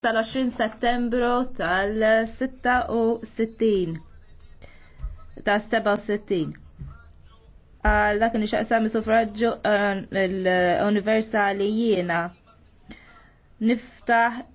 tal-20 settembru tal-66 tal-67 għal dak nixaqsam suffraġġu eh, l-universali jiena niftaħ